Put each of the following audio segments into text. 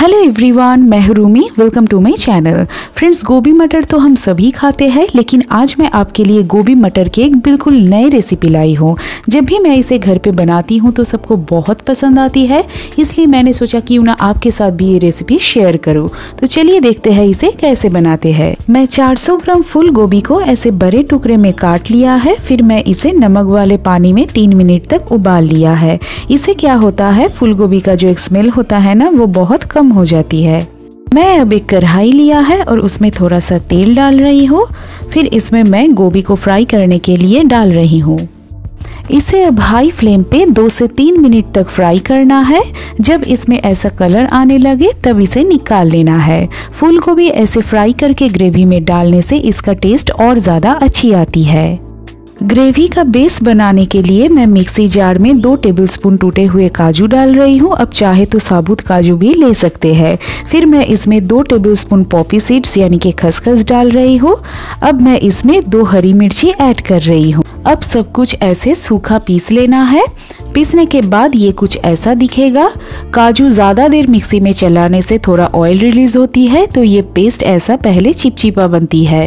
hello everyone मैं Rumi welcome to my channel friends गोभी मटर तो हम सभी खाते हैं लेकिन आज मैं आपके लिए गोभी मटर के एक बिल्कुल नए रेसिपी लाई हूँ जब भी मैं इसे घर पे बनाती हूँ तो सबको बहुत पसंद आती है इसलिए मैंने सोचा कि ना आपके साथ भी ये रेसिपी शेयर करूँ तो चलिए देखते हैं इसे कैसे बनाते हैं मैं 400 ग्राम फुल गोभी को ऐसे बड़े टुकड़े में काट लिया है फिर मैं इसे नमक वाले पानी में तीन मिनट तक उबाल लिया है इसे क्या होता है फुल गोभी का जो एक स्मेल होता है ना वो बहुत कम हो जाती है मैं अब एक कढ़ाई लिया है और उसमें थोड़ा सा तेल डाल रही हूँ फिर इसमें मैं गोभी को फ्राई करने के लिए डाल रही हूँ इसे अब हाई फ्लेम पे दो से तीन मिनट तक फ्राई करना है जब इसमें ऐसा कलर आने लगे तब इसे निकाल लेना है फूल को भी ऐसे फ्राई करके ग्रेवी में डालने से इसका टेस्ट और ज़्यादा अच्छी आती है ग्रेवी का बेस बनाने के लिए मैं मिक्सी जार में दो टेबलस्पून टूटे हुए काजू डाल रही हूँ अब चाहे तो साबुत काजू भी ले सकते हैं फिर मैं इसमें दो टेबलस्पून पॉपी सीड्स यानी कि खसखस डाल रही हूँ अब मैं इसमें दो हरी मिर्ची ऐड कर रही हूँ अब सब कुछ ऐसे सूखा पीस लेना है पीसने के बाद ये कुछ ऐसा दिखेगा काजू ज़्यादा देर मिक्सी में चलाने से थोड़ा ऑयल रिलीज होती है तो ये पेस्ट ऐसा पहले चिपचिपा बनती है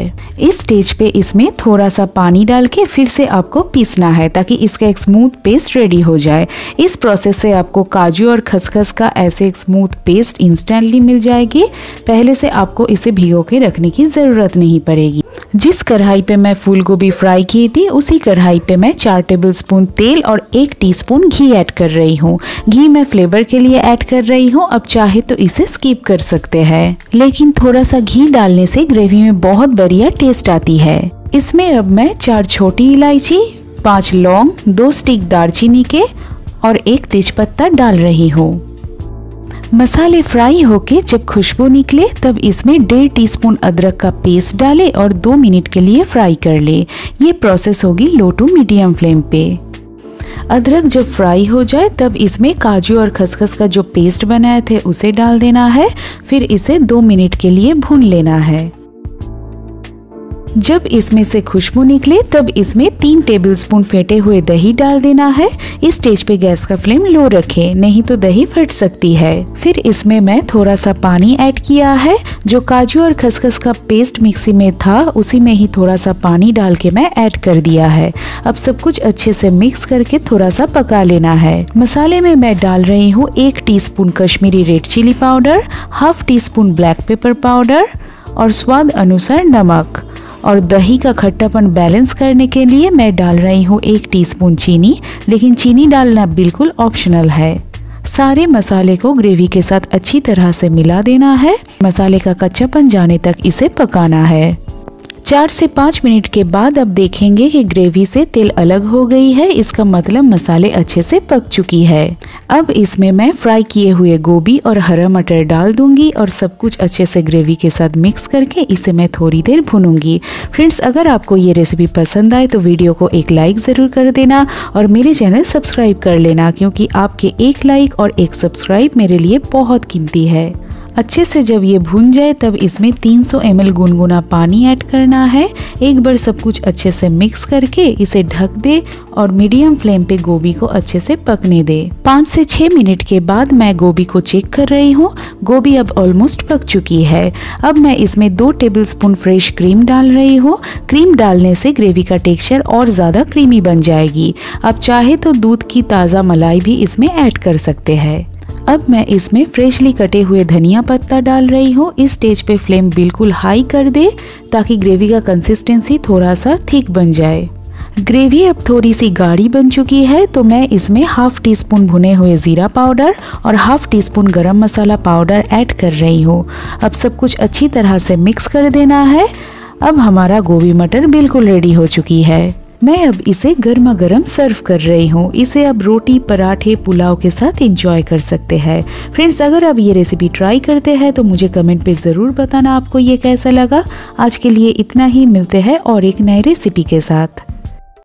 इस स्टेज पे इसमें थोड़ा सा पानी डाल के फिर से आपको पीसना है ताकि इसका एक स्मूथ पेस्ट रेडी हो जाए इस प्रोसेस से आपको काजू और खसखस का ऐसे एक स्मूथ पेस्ट इंस्टेंटली मिल जाएगी पहले से आपको इसे भिगो के रखने की ज़रूरत नहीं पड़ेगी जिस कढ़ाई पे मैं फूल गोभी फ्राई की थी उसी कढ़ाई पे मैं चार टेबल स्पून तेल और एक टीस्पून घी ऐड कर रही हूँ घी मैं फ्लेवर के लिए ऐड कर रही हूँ अब चाहे तो इसे स्कीप कर सकते हैं लेकिन थोड़ा सा घी डालने से ग्रेवी में बहुत बढ़िया टेस्ट आती है इसमें अब मैं चार छोटी इलायची पाँच लौंग दो स्टिक दालचीनी के और एक तेजपत्ता डाल रही हूँ मसाले फ्राई होके जब खुशबू निकले तब इसमें डेढ़ टीस्पून अदरक का पेस्ट डालें और दो मिनट के लिए फ्राई कर ले ये प्रोसेस होगी लो टू मीडियम फ्लेम पे अदरक जब फ्राई हो जाए तब इसमें काजू और खसखस का जो पेस्ट बनाए थे उसे डाल देना है फिर इसे दो मिनट के लिए भून लेना है जब इसमें से खुशबू निकले तब इसमें तीन टेबलस्पून फेटे हुए दही डाल देना है इस स्टेज पे गैस का फ्लेम लो रखें नहीं तो दही फट सकती है फिर इसमें मैं थोड़ा सा पानी ऐड किया है जो काजू और खसखस का पेस्ट मिक्सी में था उसी में ही थोड़ा सा पानी डाल के मैं ऐड कर दिया है अब सब कुछ अच्छे से मिक्स करके थोड़ा सा पका लेना है मसाले में मैं डाल रही हूँ एक tea Kashmiri red chilli powder half teaspoon black pepper powder और स्वाद अनुसार नमक और दही का खट्टापन बैलेंस करने के लिए मैं डाल रही हूँ एक टीस्पून चीनी लेकिन चीनी डालना बिल्कुल ऑप्शनल है सारे मसाले को ग्रेवी के साथ अच्छी तरह से मिला देना है मसाले का कच्चापन जाने तक इसे पकाना है चार से पाँच मिनट के बाद अब देखेंगे कि ग्रेवी से तेल अलग हो गई है इसका मतलब मसाले अच्छे से पक चुकी है अब इसमें मैं फ्राई किए हुए गोभी और हरा मटर डाल दूंगी और सब कुछ अच्छे से ग्रेवी के साथ मिक्स करके इसे मैं थोड़ी देर भूनूंगी फ्रेंड्स अगर आपको ये रेसिपी पसंद आए तो वीडियो को एक लाइक ज़रूर कर देना और मेरे चैनल सब्सक्राइब कर लेना क्योंकि आपके एक लाइक और एक सब्सक्राइब मेरे लिए बहुत कीमती है अच्छे से जब ये भून जाए तब इसमें 300 सौ गुनगुना पानी ऐड करना है एक बार सब कुछ अच्छे से मिक्स करके इसे ढक दे और मीडियम फ्लेम पे गोभी को अच्छे से पकने दे पाँच से छः मिनट के बाद मैं गोभी को चेक कर रही हूँ गोभी अब ऑलमोस्ट पक चुकी है अब मैं इसमें दो टेबल स्पून फ्रेश क्रीम डाल रही हूँ क्रीम डालने से ग्रेवी का टेक्सचर और ज़्यादा क्रीमी बन जाएगी आप चाहे तो दूध की ताज़ा मलाई भी इसमें ऐड कर सकते हैं अब मैं इसमें फ्रेशली कटे हुए धनिया पत्ता डाल रही हूँ इस स्टेज पे फ्लेम बिल्कुल हाई कर दे ताकि ग्रेवी का कंसिस्टेंसी थोड़ा सा ठीक बन जाए ग्रेवी अब थोड़ी सी गाढ़ी बन चुकी है तो मैं इसमें हाफ टी स्पून भुने हुए ज़ीरा पाउडर और हाफ टी स्पून गरम मसाला पाउडर ऐड कर रही हूँ अब सब कुछ अच्छी तरह से मिक्स कर देना है अब हमारा गोभी मटर बिल्कुल रेडी हो चुकी है मैं अब इसे गर्मा गर्म सर्व कर रही हूँ इसे अब रोटी पराठे पुलाव के साथ इंजॉय कर सकते हैं फ्रेंड्स अगर आप ये रेसिपी ट्राई करते हैं तो मुझे कमेंट पे ज़रूर बताना आपको ये कैसा लगा आज के लिए इतना ही मिलते हैं और एक नई रेसिपी के साथ